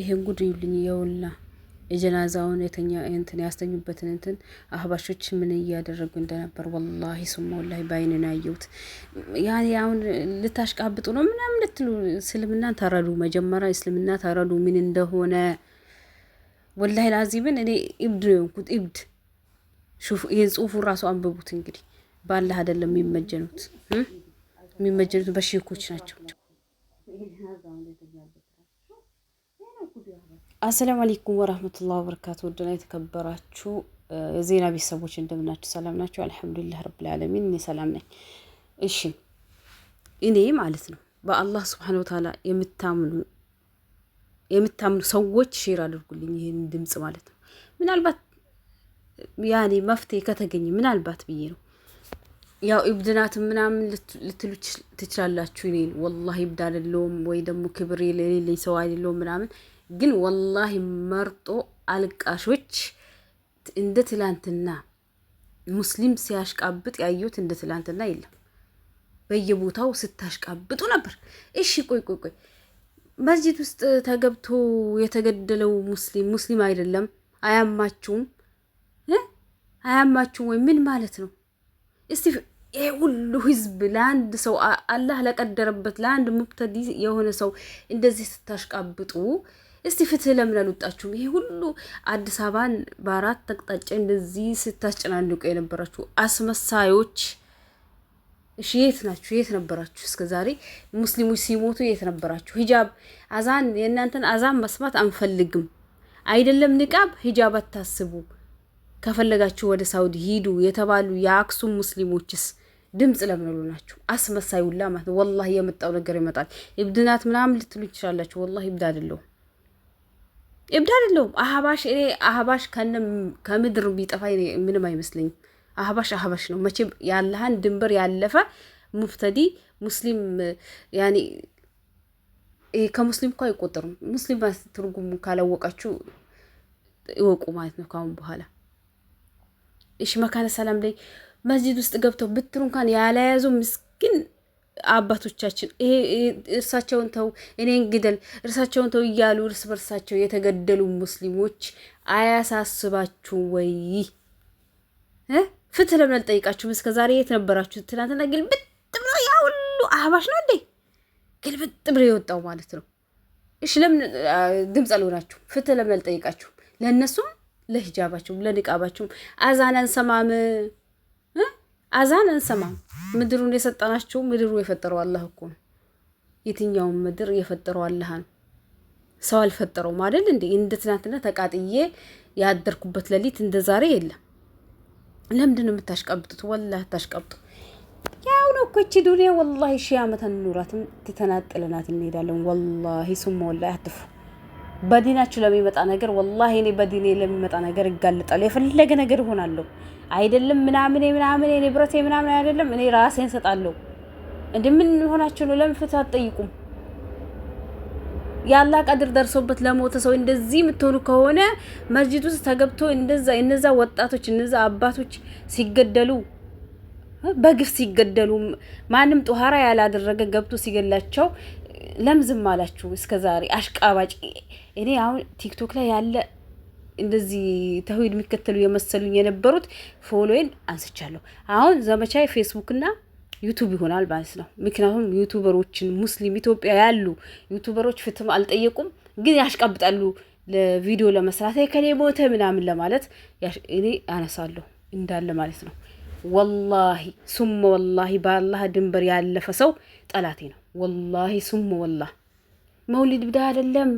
ይሄን ጉድ ይውልኝ የውላ የጀናዛውን የተኛ እንትን ያስተኙበትን እንትን አህባሾች ምን እያደረጉ እንደነበር ወላሂ ስማ ወላሂ በአይንን ያየሁት። ያኔ አሁን ልታሽቃብጡ ነው ምናምን ልትሉ እስልምና ተረዱ። መጀመሪያ እስልምና ተረዱ ምን እንደሆነ ወላሂ ላዚብን እኔ እብድ ነው የሆንኩት። እብድ ሹፉ፣ ይህን ጽሁፉ ራሱ አንብቡት። እንግዲህ ባላህ አይደለም የሚመጀኑት፣ የሚመጀኑት በሼኮች ናቸው። አሰላሙ አለይኩም ወራህመቱላሂ ወበረካቱ ውድና የተከበራችሁ የዜና ቤተሰቦች እንደምናችሁ ሰላም ናቸው አልሐምዱሊላህ ረብል ዓለሚን እኔ ሰላም ነኝ። እሺ እኔ ማለት ነው በአላህ ስብሓን ወተዓላ የምታምኑ የምታምኑ ሰዎች ሼር አድርጉልኝ ይህን ድምጽ ማለት ነው። ምናልባት ያኔ መፍትሄ ከተገኘ ምናልባት ብዬ ነው ያው እብድ ምናምን ልትሉ ትችላላችሁ። እኔን ወላሂ እብድ አይደለሁም ወይ ደግሞ ክብር የሌለኝ ሰው አይደለሁም ምናምን። ግን ወላሂ መርጦ አልቃሾች እንደ ትላንትና ሙስሊም ሲያሽቃብጥ ያየሁት እንደ ትላንትና የለም። በየቦታው ስታሽቃብጡ ነበር። እሺ ቆይ ቆይ ቆይ መስጂድ ውስጥ ተገብቶ የተገደለው ሙስሊም ሙስሊም አይደለም አያማችሁም? አያማችሁም ወይ ምን ማለት ነው? እስቲ ይሄ ሁሉ ህዝብ ለአንድ ሰው አላህ ለቀደረበት ለአንድ ሙብተዲ የሆነ ሰው እንደዚህ ስታሽቃብጡ እስቲ ፍትህ ለምን አልወጣችሁም? ይሄ ሁሉ አዲስ አበባን በአራት አቅጣጫ እንደዚህ ስታስጨናንቁ የነበራችሁ አስመሳዮች እሺ፣ የት ናችሁ? የት ነበራችሁ? እስከ ዛሬ ሙስሊሞች ሲሞቱ የት ነበራችሁ? ሂጃብ አዛን፣ የእናንተን አዛን መስማት አንፈልግም። አይደለም ንቃብ፣ ሂጃብ አታስቡ። ከፈለጋችሁ ወደ ሳውዲ ሂዱ የተባሉ የአክሱም ሙስሊሞችስ ድምፅ ለምንሉ ናቸው ናችሁ? አስመሳይ ሁላ ማለት ነው። ወላሂ የመጣው ነገር ይመጣል። እብድናት ምናምን ልትሉ ይችላላችሁ። ወላሂ እብድ አይደለሁም፣ እብድ አይደለሁም። አህባሽ እኔ አህባሽ ከምድር ቢጠፋ ምንም አይመስለኝም። አህባሽ አህባሽ ነው። መቼም የአላህን ድንበር ያለፈ ሙፍተዲ ሙስሊም ያኔ ከሙስሊም እኮ አይቆጠሩም። ሙስሊም ትርጉሙ ካላወቃችሁ እወቁ ማለት ነው ከአሁን በኋላ እሺ መካነ ሰላም ላይ መስጂድ ውስጥ ገብተው ብትሩ እንኳን ያለያዙ ምስኪን አባቶቻችን ይሄ እርሳቸውን ተው እኔን ግደል እርሳቸውን ተው እያሉ እርስ በርሳቸው የተገደሉ ሙስሊሞች አያሳስባችሁ ወይ? ፍትህ ለምን አልጠይቃችሁም? እስከ ዛሬ የት ነበራችሁ? ትናንትና ግልብጥ ብሎ ያ ሁሉ አህባሽ ነው እንዴ ግልብጥ ብሎ የወጣው ማለት ነው። እሺ ለምን ድምፅ አልሆናችሁ? ፍትህ ለምን አልጠይቃችሁም? ለእነሱም ለሂጃባችሁም ለኒቃባችሁም አዛን አንሰማም፣ አዛን አንሰማም። ምድሩን የሰጠናችሁ ምድሩ የፈጠረው አላህ እኮ ነው። የትኛውን ምድር የፈጠረው አላህ ነው። ሰው አልፈጠረውም አይደል እንዴ? እንደ ትናንትና ተቃጥዬ ያደርኩበት ሌሊት እንደ ዛሬ የለም። ለምንድን ነው የምታሽቀብጡት? ወላሂ አታሽቀብጡ። ያው ነው እኮ ይቺ ዱንያ ወላሂ ሺህ ዓመት አንኑራትም፣ ትተናጥለናት እንሄዳለን። ወላሂ ሱማ ወላሂ አትፉ በዲናችሁ ለሚመጣ ነገር ወላሂ እኔ በዲኔ ለሚመጣ ነገር እጋልጣለሁ። የፈለገ ነገር ይሆናለሁ። አይደለም ምናምን ምናምኔ ንብረቴ ምናምን አይደለም እኔ ራሴን ሰጣለሁ። እንደምን ሆናችሁ ነው? ለምን ፍትህ አትጠይቁም? ያላ ቀድር ደርሶበት ለሞተ ሰው እንደዚህ የምትሆኑ ከሆነ መስጂድ ውስጥ ተገብቶ እንደዛ እነዛ ወጣቶች እነዛ አባቶች ሲገደሉ በግፍ ሲገደሉ ማንም ጦሃራ ያላደረገ ገብቶ ሲገላቸው ለምዝም አላችሁ እስከ ዛሬ አሽቃባጭ። እኔ አሁን ቲክቶክ ላይ ያለ እንደዚህ ተውሂድ የሚከተሉ የመሰሉኝ የነበሩት ፎሎዌን አንስቻለሁ። አሁን ዘመቻ ፌስቡክና ዩቱብ ይሆናል ማለት ነው። ምክንያቱም ዩቱበሮችን ሙስሊም ኢትዮጵያ ያሉ ዩቱበሮች ፍትም አልጠየቁም፣ ግን ያሽቃብጣሉ። ለቪዲዮ ለመስራት ከኔ ሞተ ምናምን ለማለት እኔ አነሳለሁ እንዳለ ማለት ነው። ወላሂ ሱመ ወላሂ በአላህ ድንበር ያለፈ ሰው ጠላቴ ነው። ወላሂ ስሙ ወላ መውሊድ ብዳ አይደለም።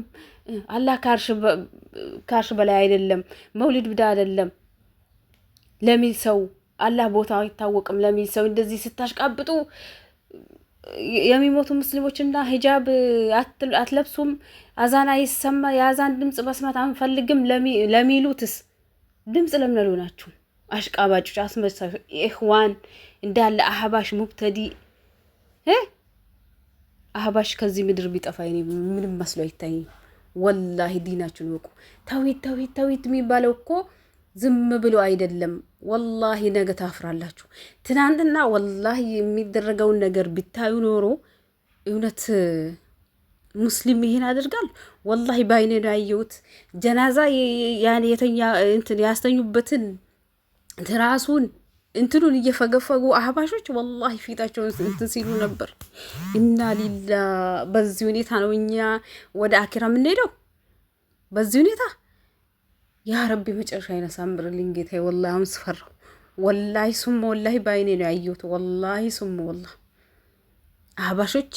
አላህ ካርሽ በላይ አይደለም። መውሊድ ብዳ አይደለም ለሚል ሰው አላህ ቦታ አይታወቅም ለሚል ሰው እንደዚህ ስታሽቃብጡ የሚሞቱ ሙስሊሞችና ሂጃብ አትለብሱም፣ አዛን አይሰማ፣ የአዛን ድምፅ መስማት አንፈልግም ለሚሉትስ ድምፅ ለምን አልሆናችሁም? አሽቃባጮች፣ አስመሳዮች፣ ኢህዋን እንዳለ አህባሽ ሙብተዲ አህባሽ ከዚህ ምድር ቢጠፋ እኔ ምንም መስሎ አይታይም። ወላሂ ዲናችሁን ወቁ። ተውሂድ ተውሂድ ተውሂድ የሚባለው እኮ ዝም ብሎ አይደለም። ወላሂ ነገ ታፍራላችሁ። ትናንትና ወላሂ የሚደረገውን ነገር ቢታዩ ኖሮ እውነት ሙስሊም ይሄን አድርጋል። ወላሂ በአይኔ ነው ያየሁት። ጀናዛ ያስተኙበትን ትራሱን እንትኑን እየፈገፈጉ አህባሾች ወላሂ ፊታቸውን እንትን ሲሉ ነበር። እና ሊላ በዚህ ሁኔታ ነው እኛ ወደ አኪራ የምንሄደው፣ በዚህ ሁኔታ ያ ረቢ መጨረሻ አይነሳምርልኝ ጌታ። ወላ አሁን ስፈራው ሱም ወላ በአይኔ ነው ያየሁት። ወላ ሱም ወላ አህባሾች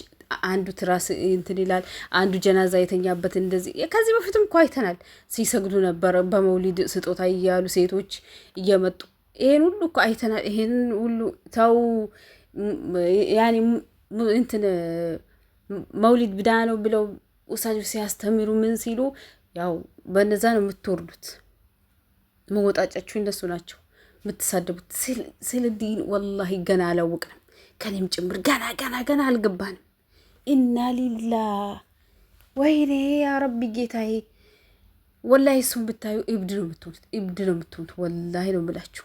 አንዱ ትራስ እንትን ይላል፣ አንዱ ጀናዛ የተኛበት እንደዚህ። ከዚህ በፊትም እኮ አይተናል ሲሰግዱ ነበር፣ በመውሊድ ስጦታ እያሉ ሴቶች እየመጡ ይሄን ሁሉ እኮ አይተናል። ይሄን ሁሉ ተው ያኔ እንትን መውሊድ ብዳ ነው ብለው ውሳጅ ሲያስተምሩ ምን ሲሉ ያው በነዛ ነው የምትወርዱት። መወጣጫችሁ እነሱ ናቸው የምትሳደቡት። ስለ ዲን ወላሂ ገና አላወቅንም፣ ከኔም ጭምር ገና ገና ገና አልገባንም። ኢና ሊላ ወይኔ ያረቢ ጌታዬ፣ ወላሂ እሱን ብታዩ እብድ ነው የምትሆኑት፣ እብድ ነው የምትሆኑት። ወላሂ ነው የምላችሁ።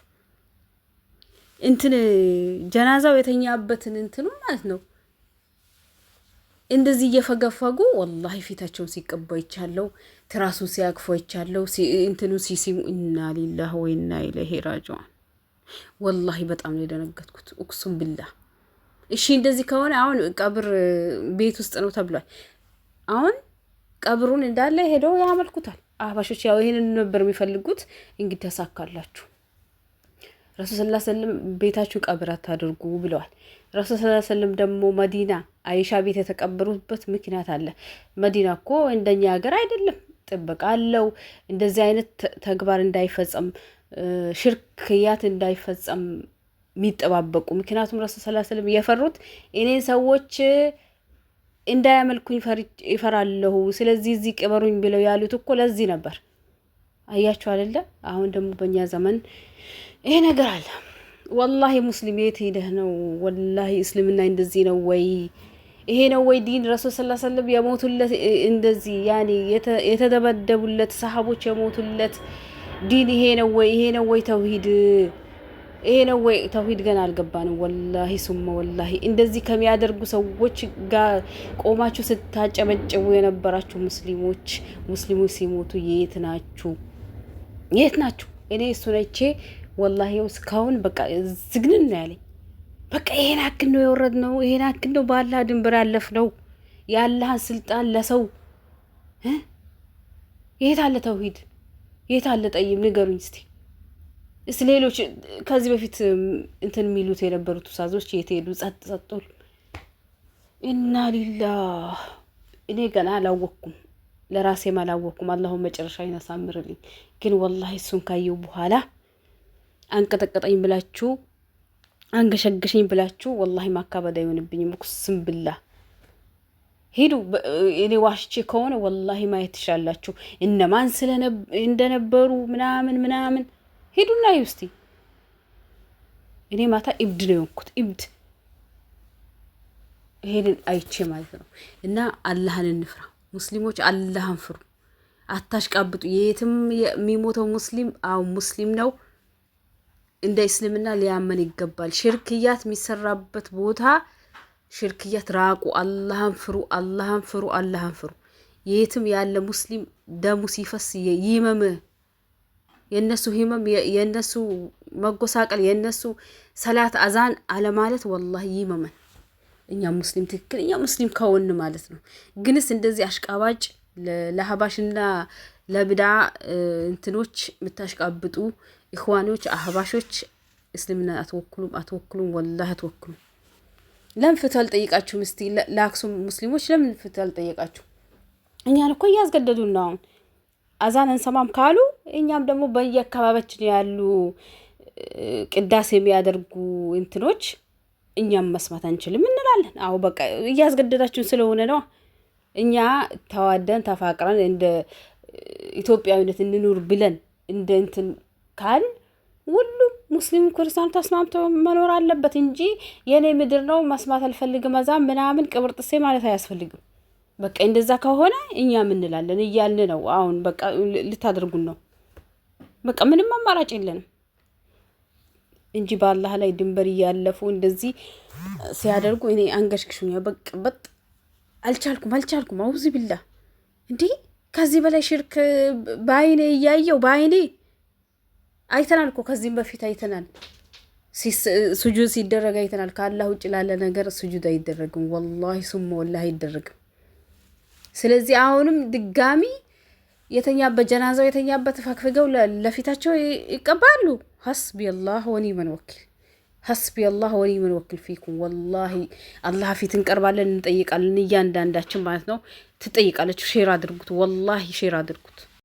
እንትን ጀናዛው የተኛበትን እንትኑ ማለት ነው። እንደዚህ እየፈገፈጉ ወላሂ ፊታቸውን ሲቀባ ይቻለው፣ ትራሱን ሲያቅፎ ይቻለው፣ እንትኑ ሲሲሙ። ኢና ሊላህ ወይና ኢለይሂ ራጂዑን። ወላሂ በጣም ነው የደነገጥኩት። እቅሱም ብላ እሺ፣ እንደዚህ ከሆነ አሁን ቀብር ቤት ውስጥ ነው ተብሏል። አሁን ቀብሩን እንዳለ ሄደው ያመልኩታል አህባሾች። ያው ይህንን ነበር የሚፈልጉት። እንግዲህ ተሳካላችሁ። ረሱል ስላ ስለም ቤታችሁ ቀብር አታድርጉ ብለዋል። ረሱል ስላ ስለም ደግሞ መዲና አይሻ ቤት የተቀበሩበት ምክንያት አለ። መዲና እኮ እንደኛ ሀገር አይደለም፣ ጥበቃ አለው። እንደዚህ አይነት ተግባር እንዳይፈጸም፣ ሽርክያት እንዳይፈጸም የሚጠባበቁ ምክንያቱም ረሱል ስላ ስለም የፈሩት እኔን ሰዎች እንዳያመልኩኝ ይፈራለሁ፣ ስለዚህ እዚህ ቅበሩኝ ብለው ያሉት እኮ ለዚህ ነበር። አያችሁ አይደለ? አሁን ደግሞ በእኛ ዘመን ይሄ ነገር አለ። ወላሂ ሙስሊም የት ሄደህ ነው? ወላሂ እስልምና እንደዚህ ነው ወይ? ይሄ ነው ወይ ዲን? ረሱል ሰለላሁ ዐለይሂ የሞቱለት እንደዚህ ያኔ የተደበደቡለት ሰሃቦች የሞቱለት ዲን ይሄ ነው ወይ? ይሄ ነው ወይ ተውሂድ? ይሄ ነው ወይ ተውሂድ? ገና አልገባንም። ወላሂ ሱመ ወላሂ እንደዚህ ከሚያደርጉ ሰዎች ጋር ቆማችሁ ስታጨበጭቡ የነበራችሁ ሙስሊሞች ሙስሊሞች ሲሞቱ የት ናችሁ? የት ናችሁ? እኔ እሱ ነቼ ወላሂ እስካሁን በቃ ዝግንን ነው ያለኝ። በቃ ይሄን አክል ነው የወረድ ነው፣ ይሄን አክል ነው በአላህ ድንብር ያለፍ ነው። የአላህን ስልጣን ለሰው የት አለ ተውሂድ? የት አለ ጠይም? ንገሩኝ እስቲ እስ ሌሎች ከዚህ በፊት እንትን የሚሉት የነበሩት ውሳዞች የት ሄዱ? ጸጥ ጸጥ። እና ሊላ እኔ ገና አላወቅኩም። ለራሴ አላወቅኩም። አላሁን መጨረሻ ይናሳምርልኝ። ግን ወላሂ እሱን ካየው በኋላ አንቀጠቀጠኝ ብላችሁ አንገሸገሸኝ ብላችሁ ወላሂ ማካበድ አይሆንብኝም። እኩስም ብላ ሄዱ እኔ ዋሽቼ ከሆነ ወላሂ ማየት ትሻላችሁ። እነማን እንደነበሩ ምናምን ምናምን ሄዱና ይ ውስቲ እኔ ማታ እብድ ነው የሆንኩት። እብድ ሄድን አይቼ ማለት ነው። እና አላህን እንፍራ። ሙስሊሞች አላህን ፍሩ፣ አታሽቃብጡ። የትም የሚሞተው ሙስሊም አው ሙስሊም ነው። እንደ እስልምና ሊያመን ይገባል። ሽርክያት የሚሰራበት ቦታ ሽርክያት ራቁ። አላህን ፍሩ፣ አላህን ፍሩ፣ አላህን ፍሩ። የትም ያለ ሙስሊም ደሙ ሲፈስ ይመም የእነሱ ህመም የእነሱ መጎሳቀል የእነሱ ሰላት አዛን አለማለት ወላሂ ይመመን። እኛ ሙስሊም ትክክለኛ ሙስሊም ከውን ማለት ነው። ግንስ እንደዚህ አሽቃባጭ ለሀባሽና ለብዳ እንትኖች የምታሽቃብጡ ኢኽዋኖች፣ አህባሾች እስልምና አትወክሉም፣ አትወክሉም፣ ወላህ አትወክሉም። ለምን ፍትህ አልጠየቃችሁም? እስቲ ለአክሱም ሙስሊሞች ለምን ፍትህ አልጠየቃችሁ? እኛን እኮ እያስገደዱን ነው። አሁን አዛን እንሰማም ካሉ እኛም ደግሞ በየአካባቢያችን ያሉ ቅዳሴ የሚያደርጉ እንትኖች እኛም መስማት አንችልም እንላለን። አዎ በቃ እያስገደዳችሁን ስለሆነ ነው። እኛ ተዋደን ተፋቅረን እንደ ኢትዮጵያዊነት እንኑር ብለን እንደ እንትን ካል ሁሉም ሙስሊም ክርስቲያኑ ተስማምቶ መኖር አለበት እንጂ የእኔ ምድር ነው መስማት አልፈልግም እዛ ምናምን ቅብርጥሴ ማለት አያስፈልግም። በቃ እንደዛ ከሆነ እኛም እንላለን እያልን ነው። አሁን በቃ ልታደርጉን ነው። በቃ ምንም አማራጭ የለንም። እንጂ በአላህ ላይ ድንበር እያለፉ እንደዚህ ሲያደርጉ እኔ አንገሽግሹኛል። በቃ በጥ አልቻልኩም አልቻልኩም። አውዝ ቢላ እንዲህ ከዚህ በላይ ሽርክ በአይኔ እያየው በአይኔ አይተናል እኮ ከዚህም በፊት አይተናል። ስጁድ ሲደረግ አይተናል። ከአላህ ውጭ ላለ ነገር ስጁድ አይደረግም። ወላሂ ሱማ ወላሂ አይደረግም። ስለዚህ አሁንም ድጋሚ የተኛበት ጀናዛው የተኛበት ፈክፍገው ለፊታቸው ይቀባሉ። ሀስቢ አላህ ወኒመን ወኪል ሀስቢ አላህ ወኒመን ወኪል ፊኩም። ወላሂ አላህ ፊት እንቀርባለን፣ እንጠይቃለን። እያንዳንዳችን ማለት ነው ትጠይቃለች። ሼር አድርጉት፣ ወላሂ ሼር አድርጉት።